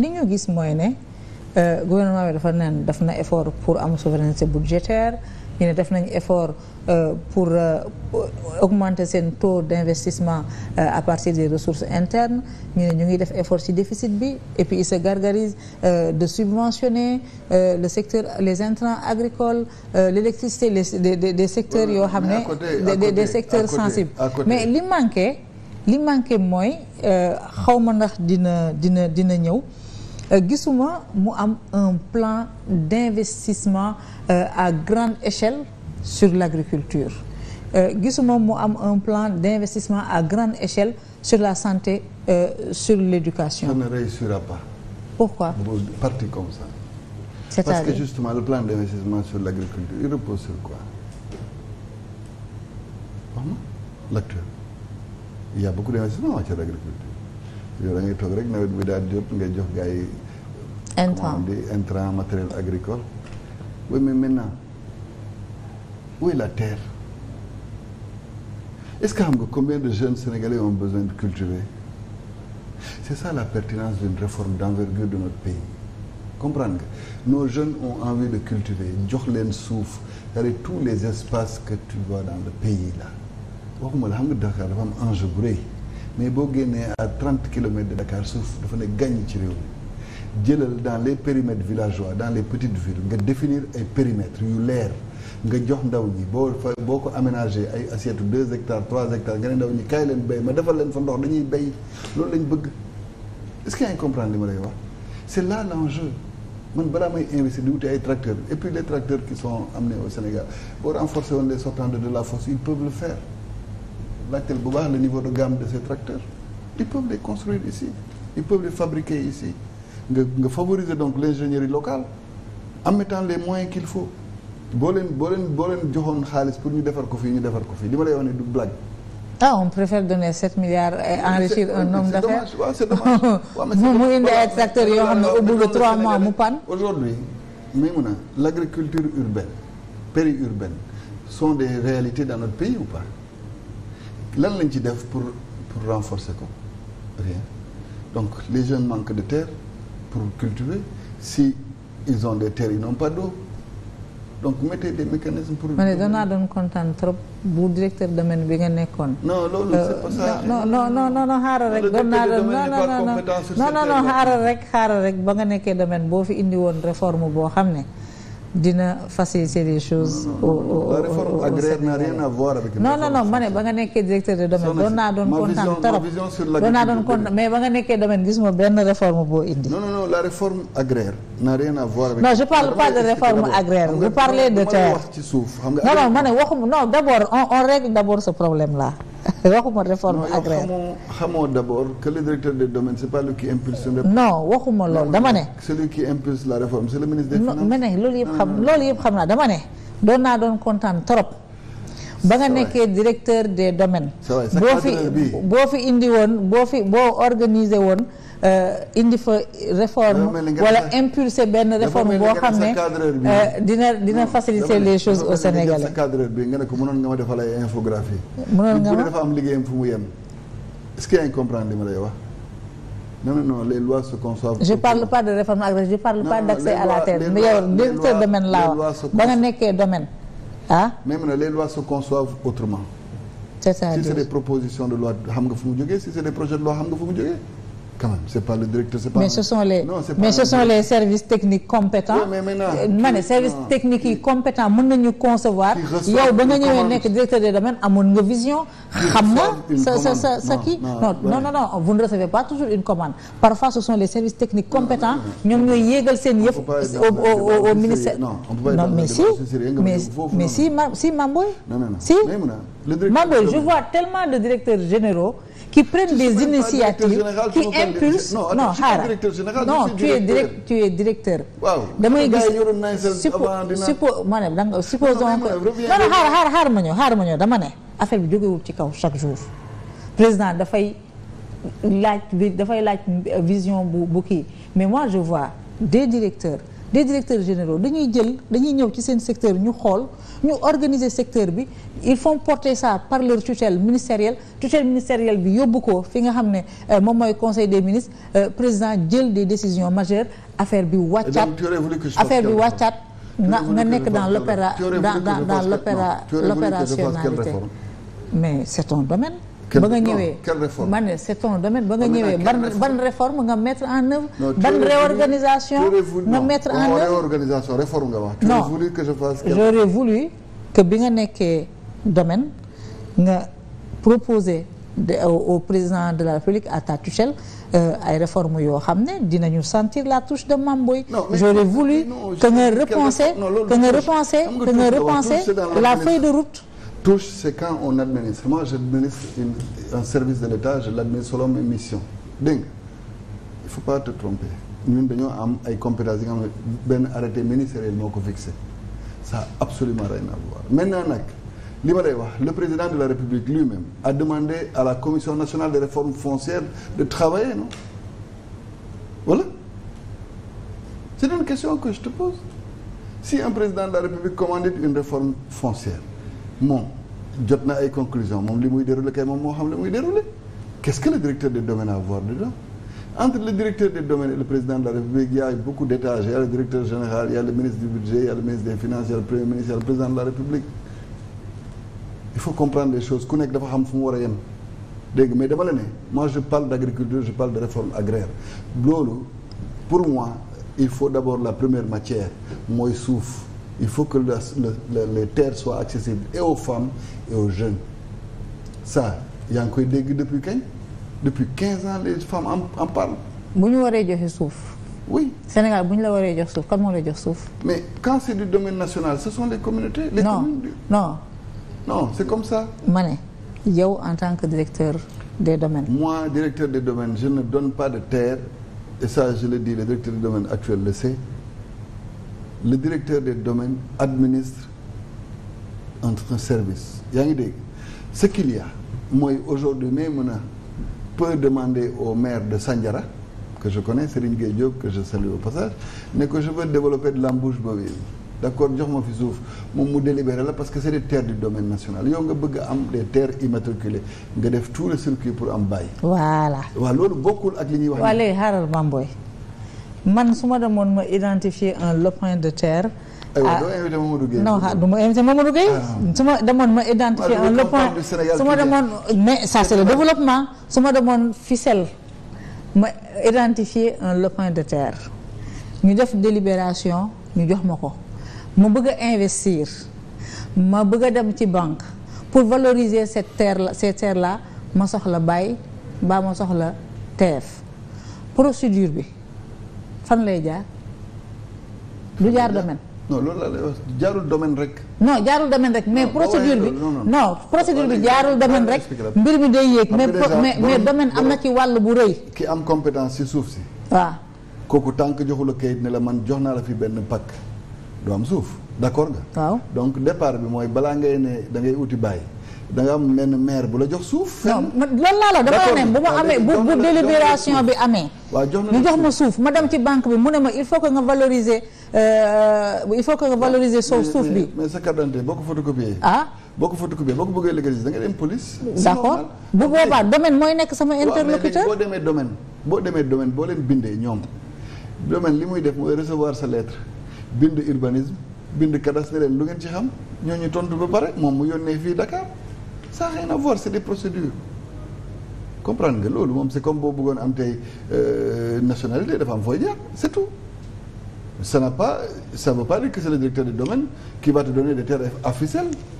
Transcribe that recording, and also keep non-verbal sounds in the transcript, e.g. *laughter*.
li ñu gis mooy ne euh, gouvernement bi dafa naan def na effort pour am souveraineté budgétaire ñu ne def nañ effort euh, pour euh, augmenter seen taux d'investissement à partir des ressources internes ñu ne ñu ngi def effort ci déficit bi et puis ils se gargarisent de subventionner le secteur les intrants agricoles l'électricité les des secteurs yoo xam ne des secteurs sensibles mais li manqué li manqué mooy xaw ma ndax dina dina dina ñëw Euh, gisuma mu am un plan d'investissement euh, à grande échelle sur l'agriculture euh, gisuma mu am un plan d'investissement à grande échelle sur la santé sur l'éducation. Ça ne réussira pas. Pourquoi? Parti comme ça. cest parce que justement le plan d'investissement sur l'agriculture il repose sur quoi? L'actuel. Il y a beaucoup d'investissements en yow da ngay toog rek nawet bi daal di jot nga jox gars yi. intrant di intrant matériel agricole. oui mais maintenant où est la terre est-ce que xam nga combien de jeunes sénégalais ont besoin de cultiver c'est ça la pertinence d'une réforme d'envergure de notre pays comprendre nga nos jeunes ont envie de cultiver jox leen suuf cest à tous les espaces que tu vois dans le pays là waxuma la xam nga Dakar dafa am enjeu bu rëy mais boo génnee à trente kilomètres de Dakar suuf dafa ne gàññ ci réew mi jëlal dans les périmètres villageois dans les petites villes nga définir ay périmètres yu leer nga jox ndaw ñi boo fa boo ko aménagé ay assiette deux hectares trois hectares nga ne ndaw ñi kaay leen béy ma defal leen fa ndox dañuy béy loolu lañ bëgg est-ce que yaa ngi comprendre li ma lay wax c'est là l'enjeu man balaa may investir di wuti ay tracteurs et puis les tracteurs la force laajteel bu baax le niveau de gamme de ces tracteurs ils peuvent les construire ici ils peuvent les fabriquer ici nga nga favoriser donc l'ingénierie locale en mettant les moyens qu'il faut boo leen boo leen boo leen joxoon xaalis pour ñu defar ko fii ñu defar ko fii li ma lay wax ne du blague. ah on préfère donner 7 milliards et enrichir un homme d'affaires. c'est dommage waaw *laughs* c'est dommage. mu indi ay tracteurs yoo mu pan. aujourd'hui mais mu na l'agriculture urbaine périurbaine son des réalités dans notre pays ou lan lañ ci def pour pour renforcer ko donc les jeunes manquent de terre pour cultiver si ils ont des terres ils n'ont pas d'eau donc mettez des mécanismes pour. ma kontaan trop bu directeur domaine bi nga nekkoon. non loolu c'est pas ça. non non non non xaaral rek. doon naa doon non non non non rek xaaral rek ba nga nekkee domaine boo fi indi woon réforme boo xam ne. dina faciliter les choses. au au la réforme ba nga nekkee directeur de domaine. doon naa doon kontaan trop doon naa doon kontaan mais ba nga nekkee domaine gis ma benn réforme boo indi. non non non la réforme agraire n'a rien à voir avec. non je parle pas de réforme agraire. vous parlez de terre. non non ma waxuma non d'abord on règle d'abord ce problème là. *laughs* waxuma réforme agraire non d' abord que le directeur des domaines c' est pas lui qui impulse. non waxuma loolu dama ne. celui qui impulse la ne loolu yëpp xam yëpp xam naa dama ne. doon naa doon kontaan trop. ba nga nekkee directeur des domaines boo fi boo fi indi woon boo fi boo organiser woon euh, indi fa réforme wala impulser benn réforme boo xam ne euh, dina dina faciliter les choses au Sénégalais cadreur bi nga ne ko mënoon nga ma defal ay infographie mënoon nga ma dafa am liggéeyam mu yem que yaa ma lay wax non non les lois se conçoivent. je parle pas de réforme agricole je parle pas d'accès à la terre. mais directeur domaine laa wax ba nga nekkee domaine. ah. mais maintenant les lois se conçoivent autrement. c'est ça si c'est des propositions de loi xam nga fu mu jógee si se des projets de loi xam nga fu mu jógee. quand même c'est pas le directeur c'est pas ce sont le sont les services techniques euh, service techniques yi compétent mën nañu concevoir yow ba nga ñëwee nekk directeur des domaines amoon nga vision xam nga sa sa sa sa kii non non non non vous ne recevez pas toujours une commande parfois ce sont les services techniques compétents ñoom ñooy yéegal seen yëf au au ministère non si mais mais si ma si Mamboy je vois tellement de directeurs généraux qui prennent des initiatives qui impulsent non xaaral non tu es direct directeur. damay gis suppo suppo ma ne danga supposons que non non xaaral xaaral xaaral ma ñëw xaaral ma ñëw dama ne affaire bi jógewul ci kaw chaque jour président dafay laaj dafay laaj vision bu bu kii mais mois je vois des directeur des directeurs généraux dañuy jël dañuy ñëw ci seen secteur ñu xool ñu organiser secteur bi il faut porter ça par leur tutelle ministérielle tutelle ministérielle bi yóbbu ko fi nga xam ne euh, moom mooy conseil des ministres euh, président jël des décisions majeures affaire bi wàccaat affaire bi wàccaat nga nga nekk dans l'opéra dans dans l'opéra l'opérationnalité mais c'est ton domaine ba nga ñëwee quelle réforme man c'est ton domaine ba nga ñëwee ban ban réforme nga mettre en œuvre ban réorganisation nga mettre en œuvre réorganisation nga wax non voulu que je fasse j'aurais voulu que bi nga nekkee domaine nga proposer au président de la République à ta tutelle euh, ay réformes yoo xam ne dinañu sentir la touche de Mamboy j'aurais voulu que nga repenser que nga repenser la feuille de route touche, c'est quand on administre. j'administre un service de l'État, je l'administre selon mes missions. dégg nga il faut pas te tromper ñun dañoo am ay compétences yi nga xam ne benn arrêté ministériel moo ko fixé ça a absolument rien à voir maintenant nag li ma lay wax le président de la République lui-même a demandé à la commission nationale de réforme foncière de travailler non voilà c'est une question que je te pose si un président de la République commandite moom jot na ay conclusion moom li muy déroulé kay moom moo xam li muy déroulé qu'est-ce que le directeur des domaines a à voir dedans entre le directeur des domaines et le président de la République il y a beaucoup d'étages il le directeur général il y a le ministre du budget il le ministre des finances il le premier ministre il le président de la République il faut comprendre les choses ku nekk dafa xam fu mu war a yem dégg mais dama la ne moi je parle d'agriculture je parle de pour moi il faut d'abord la première matière mooy suuf il faut que la, les terres soient accessibles et aux femmes et aux jeunes ça yaa koy dégg depuis kañ depuis quinze ans les femmes en en bu ñu waree joxe suuf. oui Sénégal bu ñu la waree jox suuf kan moo la jox suuf. mais quand c'est du domaine national ce sont les communautés. les non, communes du... non non c'est comme ça. ma ne yow en tant que directeur des domaines. moi directeur des domaines je ne donne pas de terre et ça je le dis le directeur des domaines actuel le le directeur des domaines administre entre un service yaa ngi dégg ce qu'il y a mooy aujourd'hui mais mën a peut demander au maire de Sandiara que je connais Serigne Gueye que je salue au passage ne que je veux développer de l'embouche boobu d'accord jox ma fi suuf moom mu délibéré la parce que c'est des terres du domaine national yow nga bëgg am des terres immatriculées nga def tout le circuit pour am bàyyi. voilà waaw loolu bokkul ak li ñuy wax. waaw léegi man su ma demoon ma identifier un lopin de terre. ah non du ma invité Mamadou Gueye. Ah. su demoon ma identifier un lopin su ma demoon mais ça c'est le développement su ma demoon ficelle ma identifier un lopin de terre ñu def délibération ñu jox ma ko ma bëgg a investir ma bëgg a dem ci banque pour valoriser cette terre là cette ma soxla bàyyi baa ma soxla teef procédure bi. fan lay jaar du jaar domaine. non loolu la lay jaarul domaine rek. non jaarul domaine rek mais procédure bi non procédure bi jaarul domaine rek mbir mi day yéeg. mais mais domaine am na ci wàll bu rëy. ki am compétence ci suuf si. waaw. kooku tànk joxula kayit ne la man jox naa la fi benn pakk doo am suuf d'accord nga. waaw donc départ bi mooy balaa ngay ne da ngay bàyyi. da nga am benn maire bu la jox suuf. non man loolu laa la dama ne bu ma amee bu bu délibération bi amee. waaw jox ñu jox ma suuf ma dem ci banque bi mu ne ma il faut que nga valoriser euh, il faut soo suuf bi. mais sa carte boo ko photocopier. ah boo ko photocopier boo ko bëggee légaliser da nga dem police. d'accord bu boobaa domaine mooy nekk sama interlocuteur. boo demee domaine boo demee domaine boo leen bindee ñoom domaine li muy def mooy recevoir sa lettre bind urbanisme bind cadastre leen lu ngeen ci xam ñooñu tontu ba pare moom mu yónnee fii ça n'a rien à voir c'est des procédures comprendre nga loolu moom c'est comme boo bëggoon am tey euh, nationalité dafa am fooy jaar c'est tout ça n'a pas ça veut pas dire que c'est le directeur du domaine qui va te donner des terres artificielles